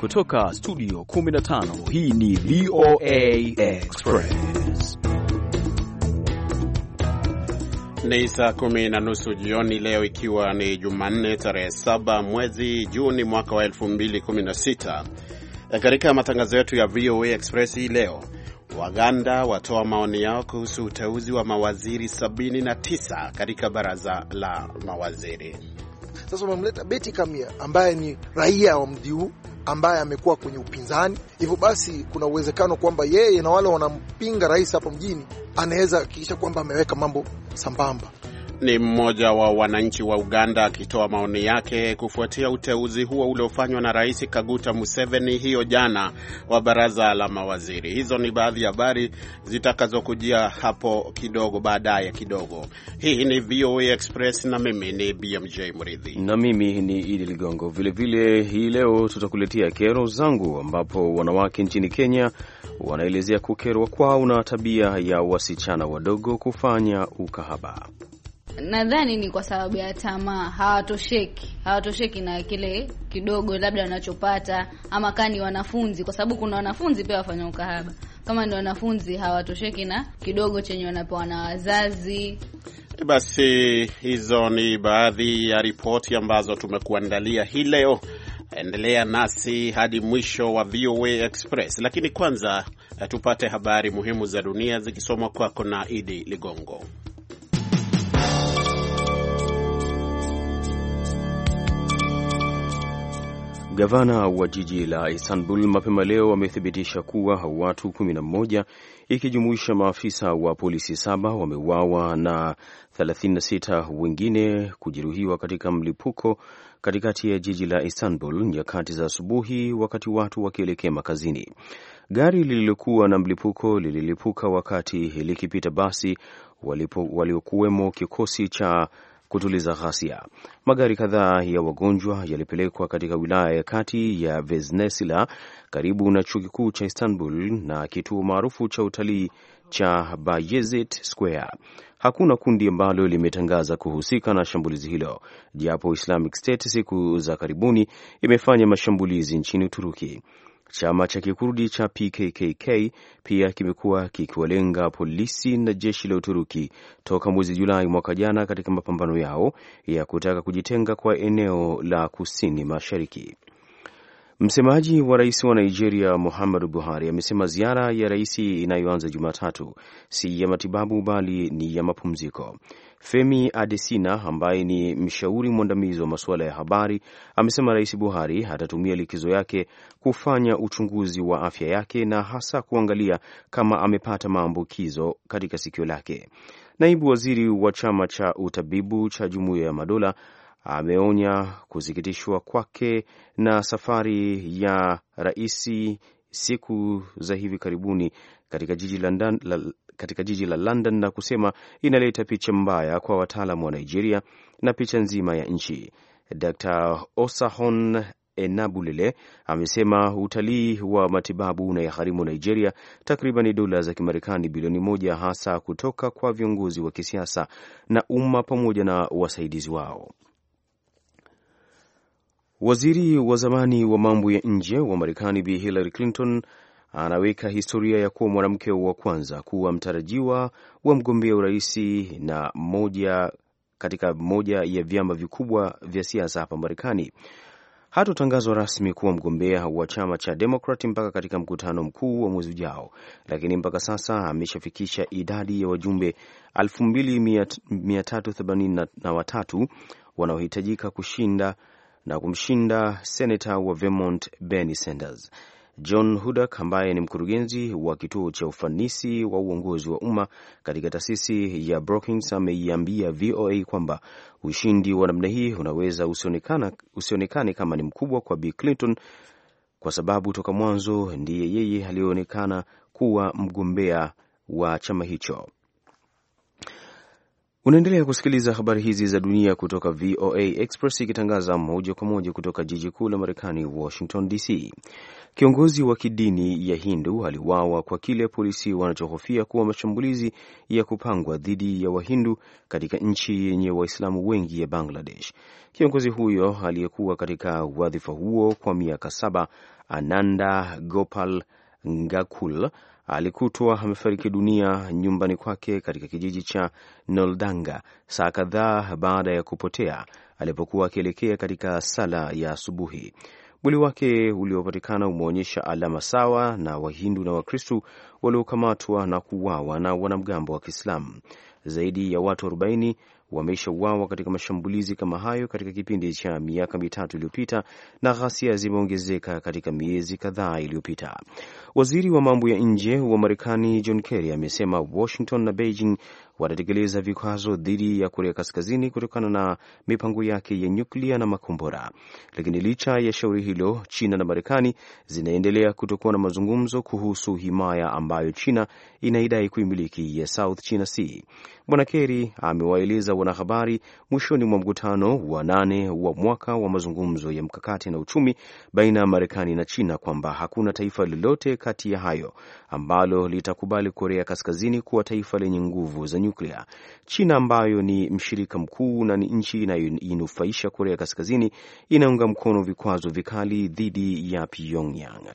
Kutoka studio 15 hii ni VOA Express. Ni saa kumi na nusu jioni leo, ikiwa ni Jumanne tarehe 7 mwezi Juni mwaka wa 2016. E, katika matangazo yetu ya VOA Express hii leo, Waganda watoa maoni yao kuhusu uteuzi wa mawaziri 79 katika baraza la mawaziri. Sasa umemleta Beti Kamia ambaye ni raia wa mji huu ambaye amekuwa kwenye upinzani. Hivyo basi kuna uwezekano kwamba yeye na wale wanampinga rais hapo mjini anaweza hakikisha kwamba ameweka mambo sambamba. Ni mmoja wa wananchi wa Uganda akitoa maoni yake kufuatia uteuzi huo uliofanywa na Rais Kaguta Museveni hiyo jana wa baraza la mawaziri. Hizo ni baadhi ya habari zitakazokujia hapo kidogo baadaye kidogo. Hii ni VOA Express na mimi ni BMJ Mridhi na mimi ni Idi Ligongo. Vilevile hii leo tutakuletea kero zangu, ambapo wanawake nchini Kenya wanaelezea kukerwa kwao na tabia ya wasichana wadogo kufanya ukahaba nadhani ni kwa sababu ya tamaa, hawatosheki hawatosheki na kile kidogo labda wanachopata, ama kani wanafunzi, kwa sababu kuna wanafunzi pia wafanya ukahaba. Kama ni wanafunzi hawatosheki na kidogo chenye wanapewa na wazazi. Eh, basi hizo ni baadhi ya ripoti ambazo tumekuandalia hii leo. Endelea nasi hadi mwisho wa VOA Express, lakini kwanza eh, tupate habari muhimu za dunia zikisomwa kwako na Idi Ligongo. Gavana wa jiji la Istanbul mapema leo wamethibitisha kuwa watu 11 ikijumuisha maafisa wa polisi saba wameuawa na 36 wengine kujeruhiwa katika mlipuko katikati ya jiji la Istanbul nyakati za asubuhi, wakati watu wakielekea makazini. Gari lililokuwa na mlipuko lililipuka wakati likipita basi waliokuwemo kikosi cha kutuliza ghasia. Magari kadhaa ya wagonjwa yalipelekwa katika wilaya ya kati ya Vesnesila karibu na chuo kikuu cha Istanbul na kituo maarufu cha utalii cha Bayezid Square. Hakuna kundi ambalo limetangaza kuhusika na shambulizi hilo, japo Islamic State siku za karibuni imefanya mashambulizi nchini Uturuki. Chama cha kikurdi cha pkkk pia kimekuwa kikiwalenga polisi na jeshi la Uturuki toka mwezi Julai mwaka jana katika mapambano yao ya kutaka kujitenga kwa eneo la kusini mashariki. Msemaji wa rais wa Nigeria Muhammadu Buhari amesema ziara ya rais inayoanza Jumatatu si ya matibabu bali ni ya mapumziko. Femi Adesina ambaye ni mshauri mwandamizi wa masuala ya habari amesema Rais Buhari atatumia likizo yake kufanya uchunguzi wa afya yake na hasa kuangalia kama amepata maambukizo katika sikio lake. Naibu waziri wa chama cha utabibu cha Jumuiya ya Madola ameonya kusikitishwa kwake na safari ya raisi siku za hivi karibuni katika jiji la, katika jiji la London na kusema inaleta picha mbaya kwa wataalamu wa Nigeria na picha nzima ya nchi. Dr Osahon Enabulele amesema utalii wa matibabu unayagharimu Nigeria takriban dola za Kimarekani bilioni moja hasa kutoka kwa viongozi wa kisiasa na umma pamoja na wasaidizi wao. Waziri wa zamani wa mambo ya nje wa Marekani Bi Hillary Clinton anaweka historia ya kuwa mwanamke wa kwanza kuwa mtarajiwa wa mgombea urais na moja katika moja ya vyama vikubwa vya siasa hapa Marekani. Hatotangazwa rasmi kuwa mgombea wa chama cha Demokrat mpaka katika mkutano mkuu wa mwezi ujao, lakini mpaka sasa ameshafikisha idadi ya wajumbe 2383 wanaohitajika kushinda na kumshinda senata wa Vermont Bernie Sanders. John Hudak ambaye ni mkurugenzi wa kituo cha ufanisi wa uongozi wa umma katika taasisi ya Brookings ameiambia VOA kwamba ushindi wa namna hii unaweza usionekane kama ni mkubwa kwa Bi Clinton kwa sababu toka mwanzo ndiye yeye aliyeonekana kuwa mgombea wa chama hicho. Unaendelea kusikiliza habari hizi za dunia kutoka VOA Express ikitangaza moja kwa moja kutoka jiji kuu la Marekani, Washington DC. Kiongozi wa kidini ya Hindu aliuawa kwa kile polisi wanachohofia kuwa mashambulizi ya kupangwa dhidi ya Wahindu katika nchi yenye Waislamu wengi ya Bangladesh. Kiongozi huyo aliyekuwa katika wadhifa huo kwa miaka saba, Ananda Gopal Ngakul alikutwa amefariki dunia nyumbani kwake katika kijiji cha Noldanga saa kadhaa baada ya kupotea alipokuwa akielekea katika sala ya asubuhi. Mwili wake uliopatikana umeonyesha alama sawa na Wahindu na Wakristu waliokamatwa na kuuawa na wanamgambo wa Kiislamu. Zaidi ya watu 40 wameshauawa katika mashambulizi kama hayo katika kipindi cha miaka mitatu iliyopita, na ghasia zimeongezeka katika miezi kadhaa iliyopita. Waziri wa mambo ya nje wa Marekani John Kerry amesema Washington na Beijing watatekeleza vikwazo dhidi ya Korea Kaskazini kutokana na mipango yake ya nyuklia na makombora. Lakini licha ya shauri hilo, China na Marekani zinaendelea kutokuwa na mazungumzo kuhusu himaya ambayo China inaidai kuimiliki ya South China Sea. Bwana Kerry amewaeleza wanahabari mwishoni mwa mkutano wa nane wa mwaka wa mazungumzo ya mkakati na uchumi baina ya Marekani na China kwamba hakuna taifa lolote kati ya hayo ambalo litakubali Korea Kaskazini kuwa taifa lenye nguvu za nyuklia. China ambayo ni mshirika mkuu na ni nchi inayoinufaisha Korea Kaskazini inaunga mkono vikwazo vikali dhidi ya Pyongyang.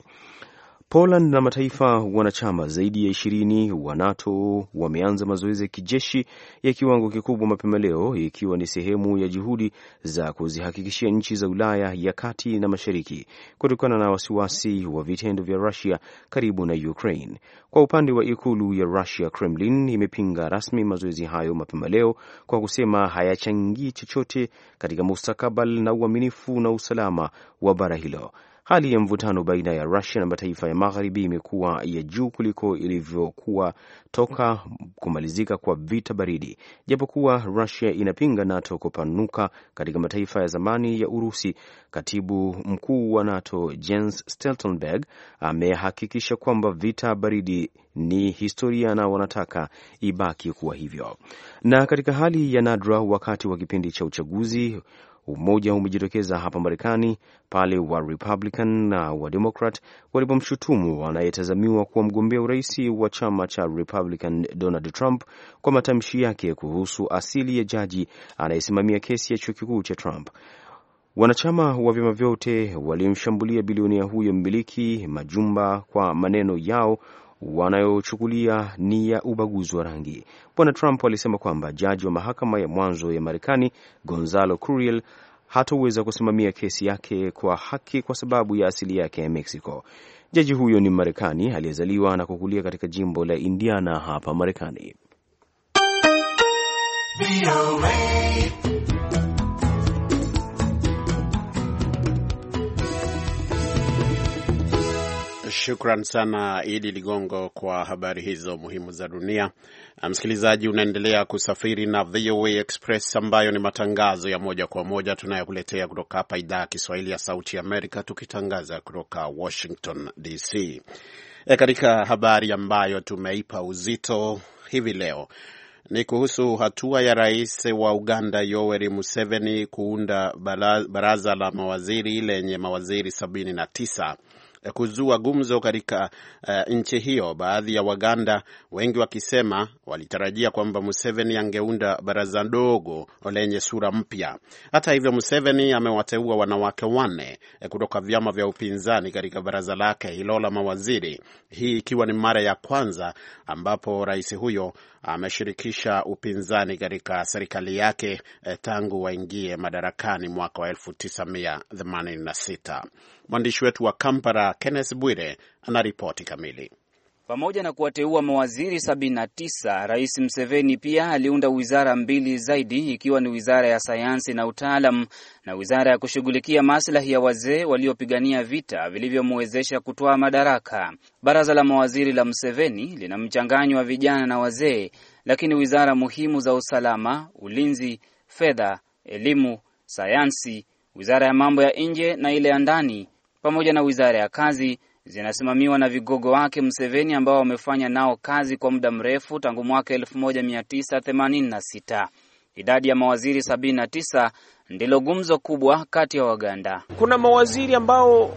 Poland na mataifa wanachama zaidi ya ishirini wa NATO wameanza mazoezi ya kijeshi ya kiwango kikubwa mapema leo, ikiwa ni sehemu ya juhudi za kuzihakikishia nchi za Ulaya ya kati na mashariki kutokana na wasiwasi wa vitendo vya Rusia karibu na Ukraine. Kwa upande wa ikulu ya Rusia, Kremlin imepinga rasmi mazoezi hayo mapema leo kwa kusema hayachangii chochote katika mustakabali na uaminifu na usalama wa bara hilo. Hali ya mvutano baina ya Rusia na mataifa ya magharibi imekuwa ya juu kuliko ilivyokuwa toka kumalizika kwa vita baridi, japokuwa Rusia inapinga NATO kupanuka katika mataifa ya zamani ya Urusi. Katibu mkuu wa NATO Jens Stoltenberg amehakikisha kwamba vita baridi ni historia na wanataka ibaki kuwa hivyo. Na katika hali ya nadra, wakati wa kipindi cha uchaguzi Umoja umejitokeza hapa Marekani pale wa Republican na wa Democrat walipomshutumu anayetazamiwa kuwa mgombea urais wa chama cha Republican Donald Trump kwa matamshi yake kuhusu asili ya jaji anayesimamia kesi ya chuo kikuu cha Trump. Wanachama wa vyama vyote walimshambulia bilionea huyo mmiliki majumba kwa maneno yao wanayochukulia ni ya ubaguzi wa rangi. Bwana Trump alisema kwamba jaji wa mahakama ya mwanzo ya Marekani Gonzalo Curiel hatoweza kusimamia kesi yake kwa haki kwa sababu ya asili yake ya Mexico. Jaji huyo ni Marekani aliyezaliwa na kukulia katika jimbo la Indiana hapa Marekani. Shukran sana Idi Ligongo kwa habari hizo muhimu za dunia. Ah, msikilizaji, unaendelea kusafiri na VOA Express ambayo ni matangazo ya moja kwa moja tunayokuletea kutoka hapa idhaa ya Kiswahili ya Sauti Amerika, tukitangaza kutoka Washington DC. E, eh, katika habari ambayo tumeipa uzito hivi leo ni kuhusu hatua ya rais wa Uganda Yoweri Museveni kuunda baraza la mawaziri lenye mawaziri sabini na tisa kuzua gumzo katika uh, nchi hiyo, baadhi ya Waganda wengi wakisema walitarajia kwamba Museveni angeunda baraza dogo lenye sura mpya. Hata hivyo, Museveni amewateua wanawake wanne eh, kutoka vyama vya upinzani katika baraza lake hilo la mawaziri, hii ikiwa ni mara ya kwanza ambapo rais huyo ameshirikisha upinzani katika serikali yake eh, tangu waingie madarakani mwaka wa 1986. Mwandishi wetu wa Kampala, Kenneth Bwire, anaripoti kamili. Pamoja na kuwateua mawaziri 79, Rais Mseveni pia aliunda wizara mbili zaidi, ikiwa ni wizara ya sayansi na utaalam na wizara ya kushughulikia maslahi ya wazee waliopigania vita vilivyomwezesha kutoa madaraka. Baraza la mawaziri la Mseveni lina mchanganyo wa vijana na wazee, lakini wizara muhimu za usalama, ulinzi, fedha, elimu, sayansi, wizara ya mambo ya nje na ile ya ndani pamoja na wizara ya kazi zinasimamiwa na vigogo wake Mseveni ambao wamefanya nao kazi kwa muda mrefu tangu mwaka 1986. Idadi ya mawaziri 79 ndilo gumzo kubwa kati ya Waganda. Kuna mawaziri ambao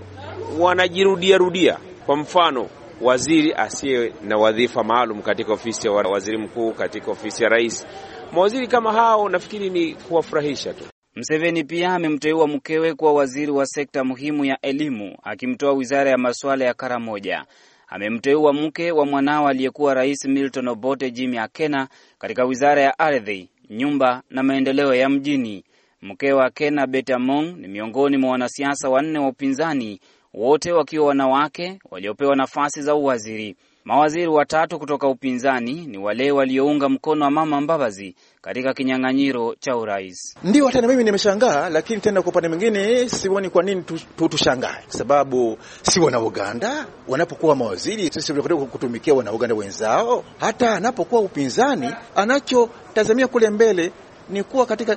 wanajirudia rudia, kwa mfano waziri asiye na wadhifa maalum katika ofisi ya waziri mkuu, katika ofisi ya rais. Mawaziri kama hao nafikiri ni kuwafurahisha tu. Mseveni pia amemteua mkewe kuwa waziri wa sekta muhimu ya elimu, akimtoa wizara ya masuala ya Karamoja. Amemteua mke wa mwanao aliyekuwa rais Milton Obote Jimi Akena katika wizara ya ardhi, nyumba na maendeleo ya mjini. Mke wa Akena, betamon Among, ni miongoni mwa wanasiasa wanne wa upinzani, wote wakiwa wanawake waliopewa nafasi za uwaziri. Mawaziri watatu kutoka upinzani ni wale waliounga mkono wa Mama Mbabazi katika kinyang'anyiro cha urais. Ndio hata na mimi nimeshangaa, lakini tena kwa upande mwingine sioni kwa nini tushangae, kwa sababu si Wanauganda wanapokuwa mawaziri, sisi kutumikia Wanauganda wenzao. Hata anapokuwa upinzani, anachotazamia kule mbele ni kuwa katika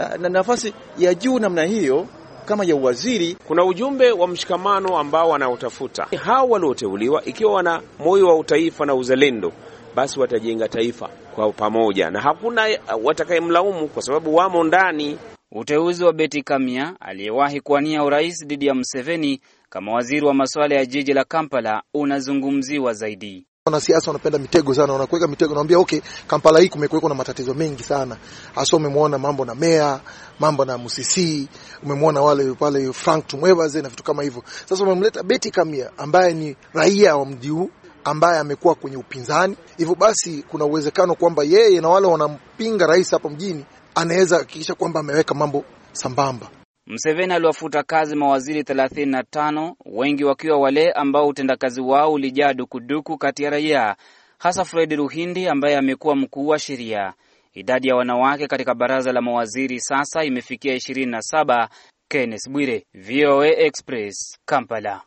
eh, na nafasi ya juu namna hiyo kama ya uwaziri. Kuna ujumbe wa mshikamano ambao wanaotafuta hao walioteuliwa, ikiwa wana moyo wa utaifa na uzalendo, basi watajenga taifa kwa pamoja na hakuna uh, watakayemlaumu kwa sababu wamo ndani. Uteuzi wa Beti Kamya aliyewahi kuwania urais dhidi ya mseveni kama waziri wa masuala ya jiji la Kampala unazungumziwa zaidi. Wanasiasa wanapenda mitego sana, wanakuweka mitego, naambia okay, Kampala hii kumekuwekwa na matatizo mengi sana, hasa umemwona mambo na meya mambo na Musisi, umemwona wale pale Frank Tumwebaze na vitu kama hivyo. Sasa umemleta Beti Kamia ambaye ni raia wa mji huu ambaye amekuwa kwenye upinzani, hivyo basi kuna uwezekano kwamba yeye na wale wanampinga rais hapa mjini anaweza hakikisha kwamba ameweka mambo sambamba. Mseveni aliwafuta kazi mawaziri 35 wengi wakiwa wale ambao utendakazi wao ulijaa dukuduku kati ya raia, hasa Fred Ruhindi ambaye amekuwa mkuu wa sheria. Idadi ya wanawake katika baraza la mawaziri sasa imefikia 27. Kenneth Bwire, VOA Express, Kampala.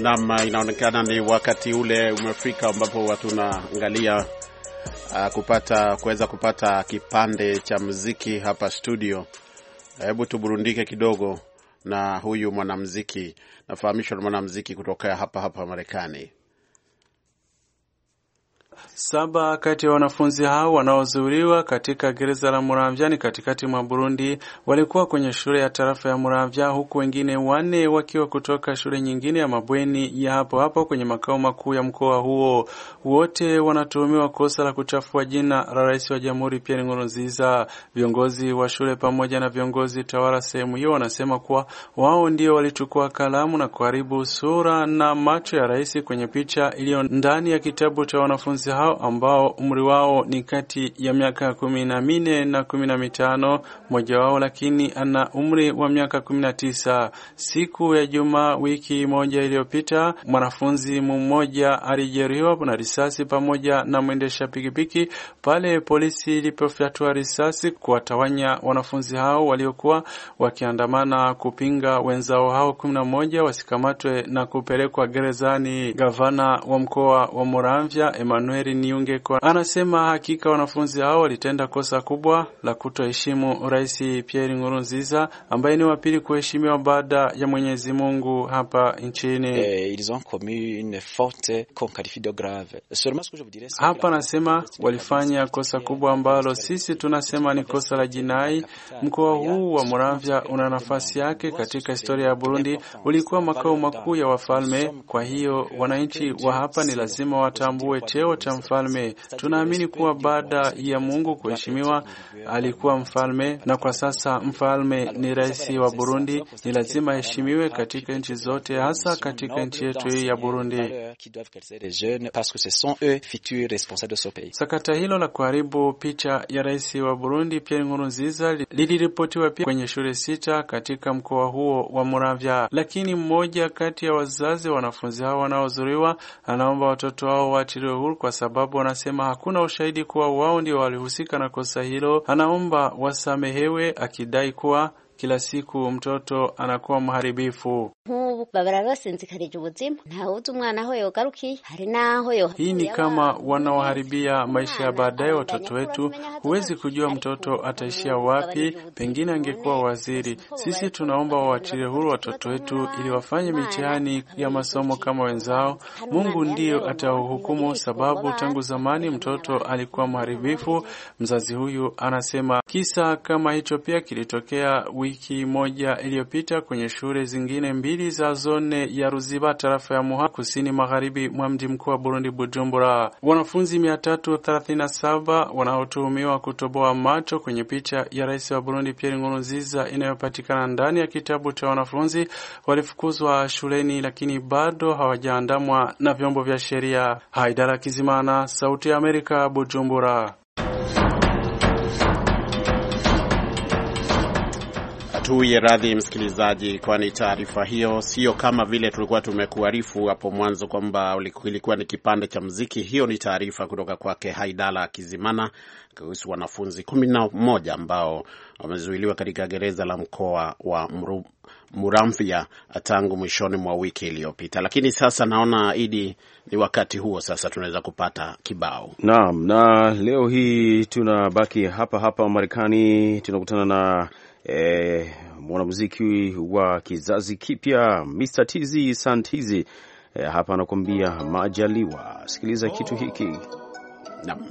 Nam, inaonekana ni wakati ule umefika ambapo tunaangalia uh, kupata kuweza kupata kipande cha muziki hapa studio. Hebu tuburundike kidogo na huyu mwanamziki nafahamishwa na mwanamziki kutokea hapa hapa Marekani. Saba kati ya wanafunzi hao wanaozuiliwa katika gereza la Muramvya ni katikati mwa Burundi walikuwa kwenye shule ya tarafa ya Muramvya, huku wengine wanne wakiwa kutoka shule nyingine ya mabweni ya hapo hapo kwenye makao makuu ya mkoa huo. Wote wanatuhumiwa kosa la kuchafua jina la rais wa jamhuri Pierre Nkurunziza. Viongozi wa shule pamoja na viongozi tawala sehemu hiyo wanasema kuwa wao ndio walichukua kalamu na kuharibu sura na macho ya rais kwenye picha iliyo ndani ya kitabu cha wanafunzi hao ambao umri wao ni kati ya miaka kumi na minne na kumi na mitano mmoja wao lakini ana umri wa miaka kumi na tisa Siku ya Juma wiki moja iliyopita, mwanafunzi mmoja alijeruhiwa na risasi pamoja na mwendesha pikipiki pale polisi ilipofyatua risasi kuwatawanya wanafunzi hao waliokuwa wakiandamana kupinga wenzao hao kumi na moja wasikamatwe na kupelekwa gerezani. Gavana wa mkoa wa Muramvya Emmanuel Samueli Niungekwa anasema hakika wanafunzi hao walitenda kosa kubwa la kutoheshimu Rais Pierre Nkurunziza ambaye ni wa pili kuheshimiwa baada ya Mwenyezi Mungu hapa nchini. Eh, hapa anasema walifanya kosa kubwa ambalo sisi tunasema ni kosa la jinai. Mkoa huu wa Moravia una nafasi yake katika historia ya Burundi, ulikuwa makao makuu ya wafalme. Kwa hiyo wananchi wa hapa ni lazima watambue cheo cha mfalme. Tunaamini kuwa baada ya Mungu kuheshimiwa, alikuwa mfalme na kwa sasa mfalme ni rais wa Burundi, ni lazima aheshimiwe katika nchi zote, hasa katika nchi yetu hii ya Burundi. Sakata hilo la kuharibu picha ya rais wa Burundi Pierre Nkurunziza liliripotiwa pia kwenye shule sita katika mkoa huo wa Muravya, lakini mmoja kati ya wazazi wanafunzi hao wanaozuriwa anaomba watoto hao waachiliwe huru kwa sababu anasema hakuna ushahidi kuwa wao ndio walihusika na kosa hilo. Anaomba wasamehewe, akidai kuwa kila siku mtoto anakuwa mharibifu nk'ubu bararose nzikarije ubuzima ntawuzi umwana aho yogarukiye hari naho yo. Hii ni kama wanaoharibia maisha ya baadaye watoto wetu. Huwezi kujua mtoto ataishia wapi, pengine angekuwa waziri. Sisi tunaomba wawachilie huru watoto wetu ili wafanye mitihani ya masomo kama wenzao. Mungu ndiyo atahukumu, sababu tangu zamani mtoto alikuwa mharibifu. Mzazi huyu anasema kisa kama hicho pia kilitokea wiki moja iliyopita kwenye shule zingine mbili mbili za zone ya Ruziba tarafa ya muha kusini magharibi mwa mji mkuu wa Burundi Bujumbura. Wanafunzi 337 wanaotuhumiwa kutoboa macho kwenye picha ya rais wa Burundi Pierre Nkurunziza inayopatikana ndani ya kitabu cha wanafunzi walifukuzwa shuleni, lakini bado hawajaandamwa na vyombo vya sheria. Haidara Kizimana, Sauti ya Amerika, Bujumbura. Tuye radhi msikilizaji, kwani taarifa hiyo sio kama vile tulikuwa tumekuarifu hapo mwanzo kwamba ilikuwa ni kipande cha mziki. Hiyo ni taarifa kutoka kwake Haidala Kizimana kuhusu wanafunzi kumi na moja ambao wamezuiliwa katika gereza la mkoa wa Mru, Muramvya tangu mwishoni mwa wiki iliyopita. Lakini sasa naona Idi, ni wakati huo sasa tunaweza kupata kibao. Naam, na leo hii tunabaki hapa hapa Marekani, tunakutana na e, mwanamuziki wa kizazi kipya Mr. TZ Santizi e, hapa anakuambia majaliwa. Sikiliza kitu hiki nam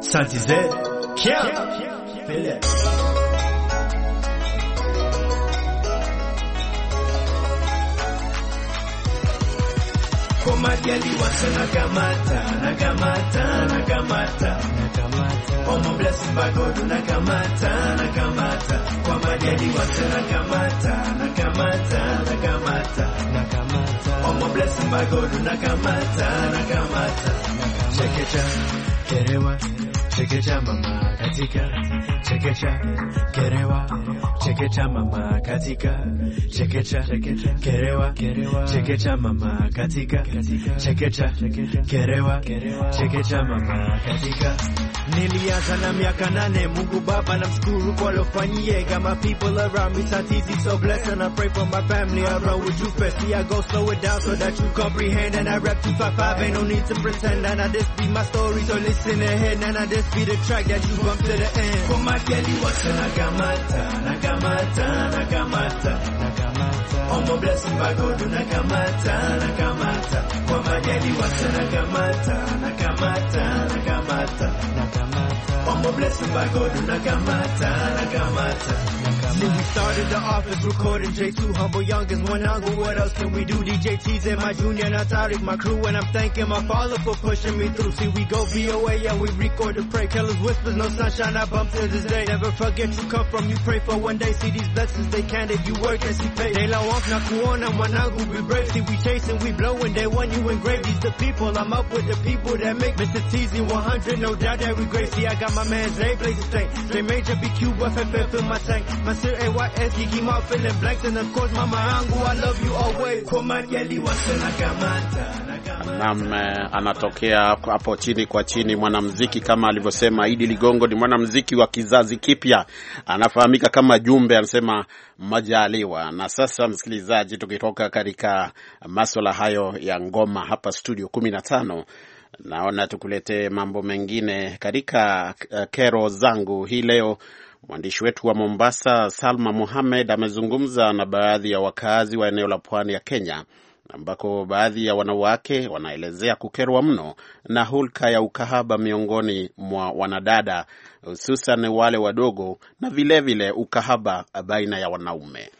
Santize. Kia. Kia. Kia. Kia. Kwa majaliwa tunakamata, nakamata, nakamata, omobla simpagodo nakamata, nakamata, kwa majaliwa tunakamata, nakamata, nakamata, omobla simpagodo nakamata, nakamata, chekecha, kerewa, chekecha mama katika chekecha kerewa chekecha mama katika chekecha kerewa chekecha mama katika chekecha kerewa chekecha mama katika Nilianza na miaka nane, Mungu Baba namshukuru kwa lofanyiega. My people around me satizi so blessed and I pray for my family. I run with you fast, see I go slow it down so that you comprehend. And I rap 255, ain't no need to pretend. And I just be my story, so listen ahead. And I just be the track that you bump come to the end. For my girl, what's a nagamata, nagamata, nagamata, nagamata. Oh, my blessing, my God, nagamata, nagamata. For my girl, what's a nagamata, nagamata, nagamata, nagamata. Oh, my blessing, my God, nagamata, nagamata. nagamata. We started the office recording J2 Humble youngest one hunger. What else can we do? DJ TZ, my junior, not Tariq, my crew. And I'm thanking my father for pushing me through. See, we go BOA, yeah, we record to pray. Killers whispers, no sunshine, I bump to this day. Never forget you come from, you pray for one day. See these blessings, they candid, you work and see pay. They la walk, na kuona, wanangu, we brave. See, we chasing, we blowing, they want you engrave. These the people, I'm up with the people that make Mr. TZ 100. No doubt that we great. See, I got my man Zay Blaze Stain. They major BQ, FFF in my tank. My Nasir AYS my feeling blanks and of course mama yangu I love you always kwa majali wasana kamata Naam, eh, anatokea hapo chini kwa chini, mwanamuziki kama alivyosema Idi Ligongo, ni mwanamuziki wa kizazi kipya, anafahamika kama Jumbe, anasema majaliwa. Na sasa, msikilizaji, tukitoka katika maswala hayo ya ngoma hapa studio 15 naona tukuletee mambo mengine katika eh, kero zangu hii leo. Mwandishi wetu wa Mombasa, Salma muhamed amezungumza na baadhi ya wakazi wa eneo la pwani ya Kenya ambako baadhi ya wanawake wanaelezea kukerwa mno na hulka ya ukahaba miongoni mwa wanadada, hususan wale wadogo, na vilevile vile ukahaba baina ya wanaume.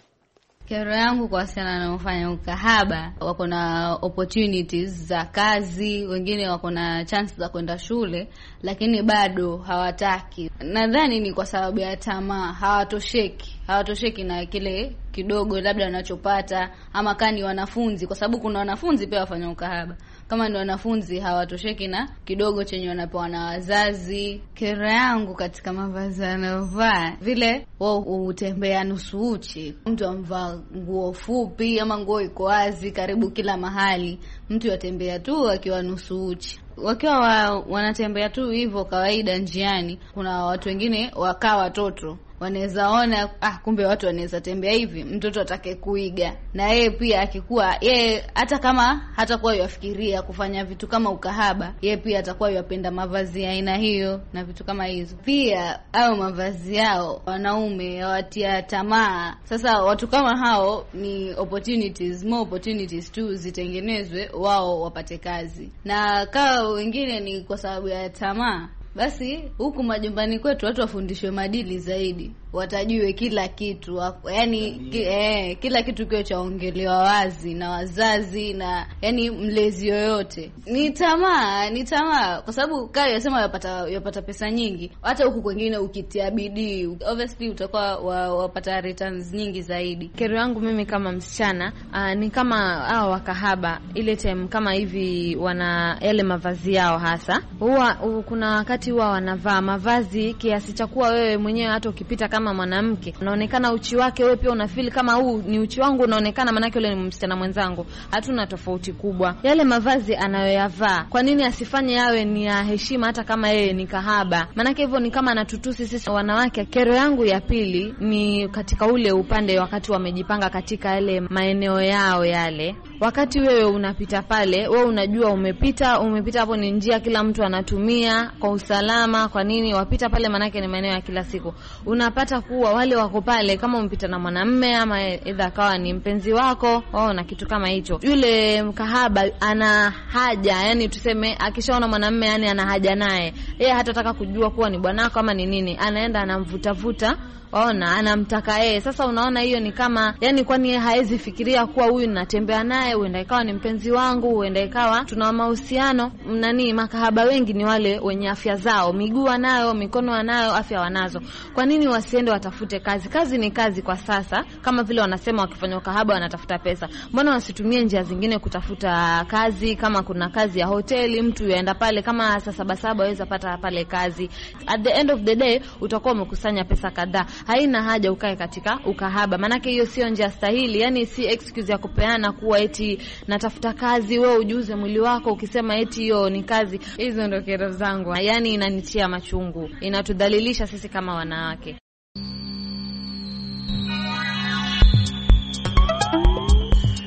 Kero yangu kwa wasichana wanaofanya ukahaba, wako na opportunities za kazi, wengine wako na chance za kwenda shule, lakini bado hawataki. Nadhani ni kwa sababu ya tamaa, hawatosheki, hawatosheki na kile kidogo labda wanachopata, ama kani wanafunzi, kwa sababu kuna wanafunzi pia wafanya ukahaba kama ni wanafunzi hawatosheki na kidogo chenye wanapewa na wazazi. Kero yangu katika mavazi yanayovaa vile wao hutembea nusu uchi, mtu amvaa nguo fupi ama nguo iko wazi karibu kila mahali, mtu yatembea tu akiwa nusu uchi wakiwa wa, wanatembea tu hivyo kawaida njiani. Kuna watu wengine wakaa watoto wanaweza ona ah, kumbe watu wanaweza tembea hivi, mtoto atake kuiga na yeye pia. Akikuwa yeye, hata kama hatakuwa yafikiria kufanya vitu kama ukahaba, yeye pia atakuwa yapenda mavazi ya aina hiyo na vitu kama hizo. Pia hayo mavazi yao wanaume yawatia tamaa. Sasa watu kama hao ni opportunities, more opportunities tu zitengenezwe, wao wapate kazi, na kawa wengine ni kwa sababu ya tamaa basi huku majumbani kwetu watu wafundishwe madili zaidi watajue kila kitu yani, ki, eh, kila kitu kiwe chaongelewa wazi na wazazi na yani mlezi yoyote. Ni tamaa, ni tamaa, kwa sababu kaa yasema yapata yapata pesa nyingi. Hata huku kwengine ukitia bidii, obviously utakuwa wapata returns nyingi zaidi. Kero yangu mimi kama msichana uh, ni kama hao wakahaba, ile time kama hivi wana yale mavazi yao, hasa huwa kuna wakati huwa wanavaa mavazi kiasi cha kuwa wewe mwenyewe hata ukipita kama mwanamke naonekana uchi wake, wewe pia unafeel kama huu ni uchi wangu unaonekana, manake yule ni msichana mwenzangu. Hatuna tofauti kubwa. Yale mavazi anayoyavaa, kwa nini asifanye yawe ni ya heshima, hata kama yeye ni kahaba? Manake hivyo ni kama anatutusi sisi wanawake. Kero yangu ya pili ni katika ule upande, wakati wamejipanga katika yale maeneo yao yale, wakati wewe unapita pale, wewe unajua umepita, umepita hapo, ni njia kila mtu anatumia kwa usalama. Kwa nini wapita pale? Manake ni maeneo ya kila siku unapata hata kuwa wale wako pale, kama umepita na mwanamme ama edha akawa ni mpenzi wako oh, na kitu kama hicho, yule mkahaba ana haja yani, tuseme akishaona mwanamme yani ana haja naye yeye, hatataka kujua kuwa ni bwanako ama ni nini, anaenda anamvutavuta ona anamtaka yeye. Sasa unaona hiyo ni kama yani, kwani yeye haezi fikiria kuwa huyu natembea naye, huenda ikawa ni mpenzi wangu, huenda ikawa tuna mahusiano nani. Makahaba wengi ni wale wenye afya zao, miguu wanayo, mikono wanayo, afya wanazo. Kwa nini wasiende watafute kazi? Kazi ni kazi kwa sasa, kama vile wanasema wakifanya ukahaba wanatafuta pesa. Mbona wasitumie njia zingine kutafuta kazi? Kama kuna kazi ya hoteli, mtu yaenda pale, kama saa saba saba waweza pata pale kazi. At the end of the day utakuwa umekusanya pesa kadhaa haina haja ukae katika ukahaba, maanake hiyo sio njia stahili. Yani si excuse ya kupeana kuwa eti natafuta kazi, wewe ujuze mwili wako ukisema eti hiyo ni kazi. Hizo ndio kero zangu, yani inanitia machungu, inatudhalilisha sisi kama wanawake.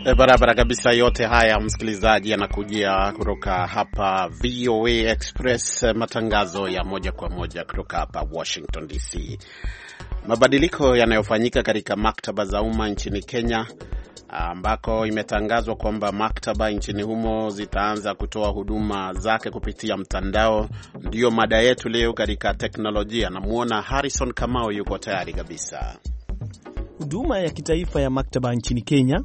E, barabara kabisa. Yote haya msikilizaji, anakujia kutoka hapa VOA Express, eh, matangazo ya moja kwa moja kutoka hapa Washington DC. Mabadiliko yanayofanyika katika maktaba za umma nchini Kenya ambako imetangazwa kwamba maktaba nchini humo zitaanza kutoa huduma zake kupitia mtandao. Ndiyo mada yetu leo katika teknolojia. Namwona Harrison Kamau yuko tayari kabisa. Huduma ya kitaifa ya maktaba nchini Kenya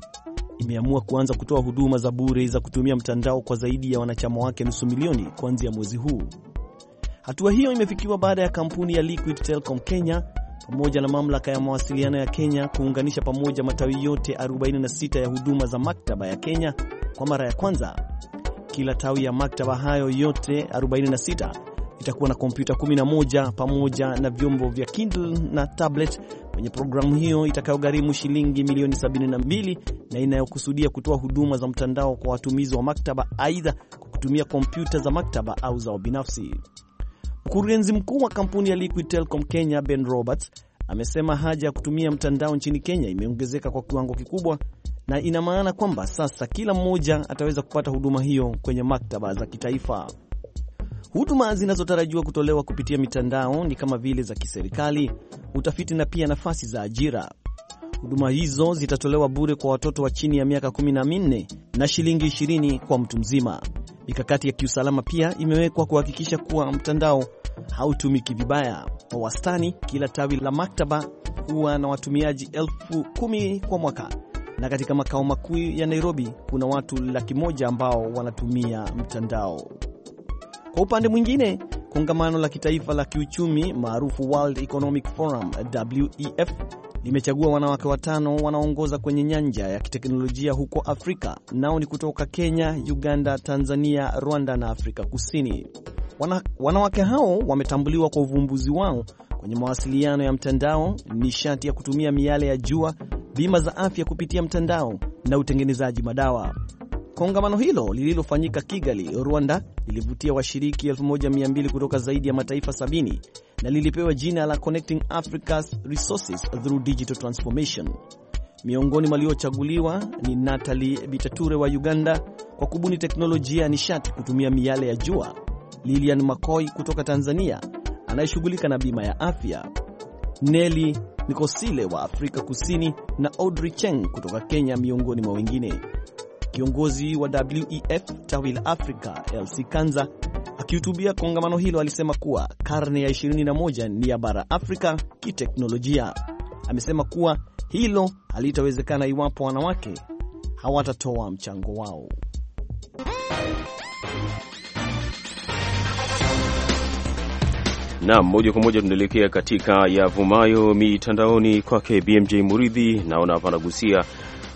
imeamua kuanza kutoa huduma za bure za kutumia mtandao kwa zaidi ya wanachama wake nusu milioni kuanzia mwezi huu. Hatua hiyo imefikiwa baada ya kampuni ya Liquid Telecom Kenya pamoja na mamlaka ya mawasiliano ya Kenya kuunganisha pamoja matawi yote 46 ya huduma za maktaba ya Kenya kwa mara ya kwanza. Kila tawi ya maktaba hayo yote 46 itakuwa na kompyuta 11 pamoja na vyombo vya Kindle na tablet kwenye programu hiyo itakayogharimu shilingi milioni 72 na inayokusudia kutoa huduma za mtandao kwa watumizi wa maktaba, aidha kwa kutumia kompyuta za maktaba au zao binafsi. Mkurugenzi mkuu wa kampuni ya Liquid Telecom Kenya Ben Roberts amesema haja ya kutumia mtandao nchini Kenya imeongezeka kwa kiwango kikubwa, na ina maana kwamba sasa kila mmoja ataweza kupata huduma hiyo kwenye maktaba za kitaifa. Huduma zinazotarajiwa kutolewa kupitia mitandao ni kama vile za kiserikali, utafiti na pia nafasi za ajira. Huduma hizo zitatolewa bure kwa watoto wa chini ya miaka 14 na shilingi 20 kwa mtu mzima. Mikakati ya kiusalama pia imewekwa kuhakikisha kuwa mtandao hautumiki vibaya. Kwa wastani, kila tawi la maktaba huwa na watumiaji elfu kumi kwa mwaka, na katika makao makuu ya Nairobi kuna watu laki moja ambao wanatumia mtandao. Kwa upande mwingine, kongamano la kitaifa la kiuchumi maarufu World Economic Forum WEF limechagua wanawake watano wanaoongoza kwenye nyanja ya kiteknolojia huko Afrika, nao ni kutoka Kenya, Uganda, Tanzania, Rwanda na Afrika Kusini. Wana, wanawake hao wametambuliwa kwa uvumbuzi wao kwenye mawasiliano ya mtandao, nishati ya kutumia miale ya jua, bima za afya kupitia mtandao na utengenezaji madawa. Kongamano hilo lililofanyika Kigali, Rwanda, lilivutia washiriki 1200 kutoka zaidi ya mataifa sabini na lilipewa jina la Connecting Africa's Resources Through Digital Transformation. Miongoni waliochaguliwa ni Natalie Bitature wa Uganda kwa kubuni teknolojia ya nishati kutumia miale ya jua, Lilian Makoi kutoka Tanzania anayeshughulika na bima ya afya, Neli Nikosile wa Afrika Kusini na Audrey Cheng kutoka Kenya, miongoni mwa wengine. Kiongozi wa WEF tawi la Afrika, LC Kanza Akihutubia kongamano hilo, alisema kuwa karne ya 21 ni ya bara Afrika kiteknolojia. Amesema kuwa hilo halitawezekana iwapo wanawake hawatatoa mchango wao. Naam, moja kwa moja tunaelekea katika yavumayo mitandaoni kwake BMJ Muridhi. Naona hapa anagusia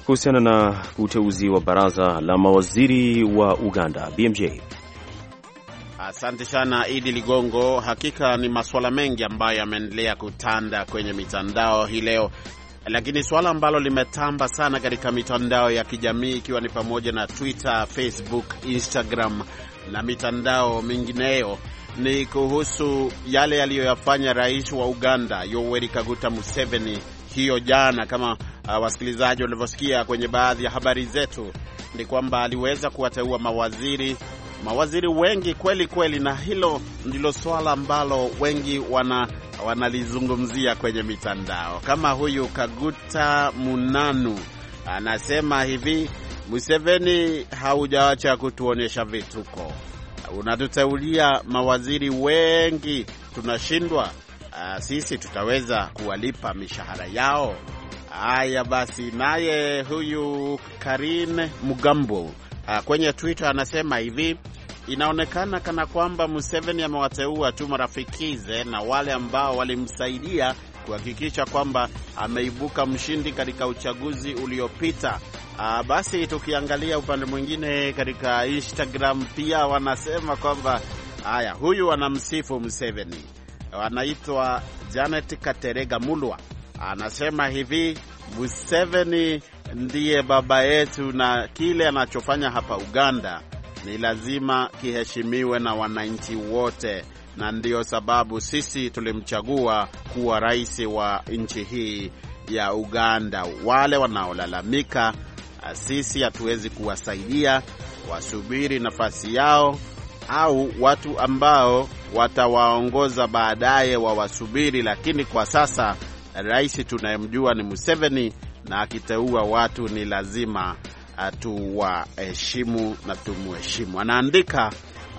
kuhusiana na uteuzi wa baraza la mawaziri wa Uganda. BMJ Asante sana Idi Ligongo. Hakika ni masuala mengi ambayo yameendelea kutanda kwenye mitandao hii leo, lakini suala ambalo limetamba sana katika mitandao ya kijamii ikiwa ni pamoja na Twitter, Facebook, Instagram na mitandao mingineyo ni kuhusu yale aliyoyafanya rais wa Uganda Yoweri Kaguta Museveni hiyo jana. Kama uh, wasikilizaji walivyosikia kwenye baadhi ya habari zetu, ni kwamba aliweza kuwateua mawaziri mawaziri wengi kweli kweli, na hilo ndilo swala ambalo wengi wana wanalizungumzia kwenye mitandao, kama huyu Kaguta Munanu anasema hivi: Museveni, haujawacha kutuonyesha vituko, unatuteulia mawaziri wengi, tunashindwa ah, sisi, tutaweza kuwalipa mishahara yao? Haya basi, naye huyu Karin Mugambo Ah, kwenye Twitter anasema hivi: inaonekana kana kwamba Museveni amewateua tu marafikize na wale ambao walimsaidia kuhakikisha kwamba ameibuka mshindi katika uchaguzi uliopita. Uh, basi tukiangalia upande mwingine katika Instagram pia wanasema kwamba haya, huyu anamsifu Museveni, anaitwa Janet Katerega Mulwa, anasema hivi Museveni ndiye baba yetu, na kile anachofanya hapa Uganda ni lazima kiheshimiwe na wananchi wote, na ndiyo sababu sisi tulimchagua kuwa rais wa nchi hii ya Uganda. Wale wanaolalamika ah, sisi hatuwezi kuwasaidia, wasubiri nafasi yao, au watu ambao watawaongoza baadaye wawasubiri, lakini kwa sasa rais tunayemjua ni Museveni na akiteua watu ni lazima uh, tuwaheshimu na tumuheshimu. Anaandika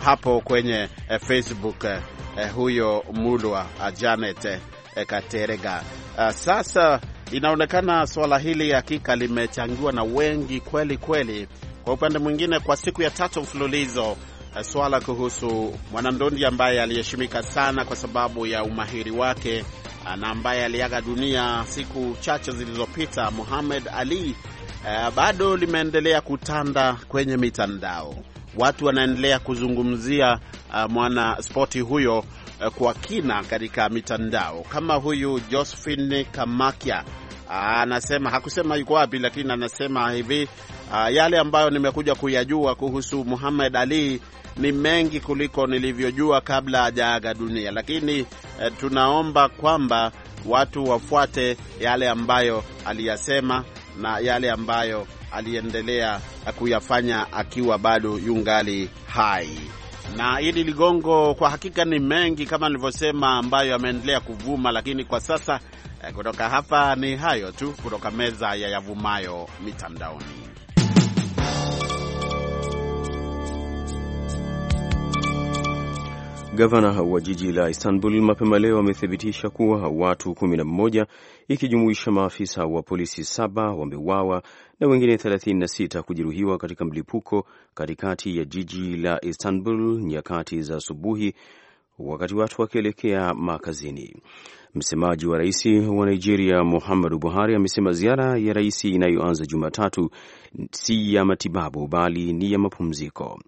hapo kwenye eh, Facebook eh, eh, huyo Mulwa Janet Katerega. Uh, sasa inaonekana swala hili hakika limechangiwa na wengi kweli kweli. Kwa upande mwingine, kwa siku ya tatu mfululizo swala kuhusu mwanandondi ambaye aliheshimika sana kwa sababu ya umahiri wake Ah, na ambaye aliaga dunia siku chache zilizopita, Muhammad Ali, uh, bado limeendelea kutanda kwenye mitandao. Watu wanaendelea kuzungumzia uh, mwana spoti huyo uh, kwa kina katika mitandao, kama huyu Josephine Kamakia anasema hakusema yuko wapi, lakini anasema hivi uh, yale ambayo nimekuja kuyajua kuhusu Muhammad Ali ni mengi kuliko nilivyojua kabla hajaaga dunia, lakini eh, tunaomba kwamba watu wafuate yale ambayo aliyasema na yale ambayo aliendelea kuyafanya akiwa bado yungali hai. Na ili ligongo, kwa hakika ni mengi kama nilivyosema, ambayo yameendelea kuvuma, lakini kwa sasa eh, kutoka hapa ni hayo tu, kutoka meza ya yavumayo mitandaoni. Gavana wa jiji la Istanbul mapema leo amethibitisha kuwa watu 11 ikijumuisha maafisa wa polisi saba wameuawa na wengine 36 kujeruhiwa katika mlipuko katikati ya jiji la Istanbul nyakati za asubuhi wakati watu wakielekea makazini. Msemaji wa rais wa Nigeria Muhammadu Buhari amesema ziara ya rais inayoanza Jumatatu si ya matibabu bali ni ya mapumziko.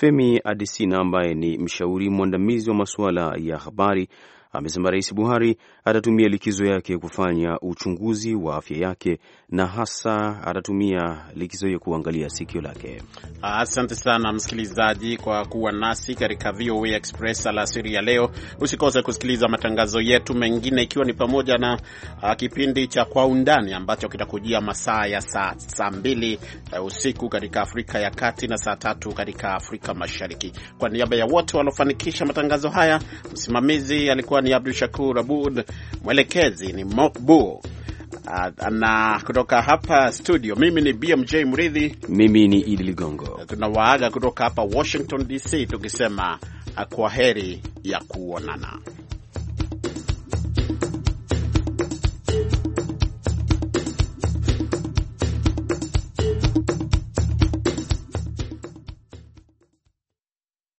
Femi Adesina ambaye ni mshauri mwandamizi wa masuala ya habari amesema Rais Buhari atatumia likizo yake kufanya uchunguzi wa afya yake na hasa atatumia likizo hiyo kuangalia sikio lake. Asante sana msikilizaji kwa kuwa nasi katika VOA Express alasiri ya leo. Usikose kusikiliza matangazo yetu mengine, ikiwa ni pamoja na a, ah, kipindi cha Kwa Undani ambacho kitakujia masaa ya saa saa mbili eh, usiku katika Afrika ya Kati na saa tatu katika Afrika Mashariki. Kwa niaba ya wote waliofanikisha matangazo haya, msimamizi alikuwa alikuwa ni Abdu Shakur Abud, mwelekezi ni Mokbu ah, na kutoka hapa studio, mimi ni BMJ Mridhi, mimi ni Idi Ligongo. Tunawaaga kutoka hapa Washington DC tukisema ah, kwa heri ya kuonana.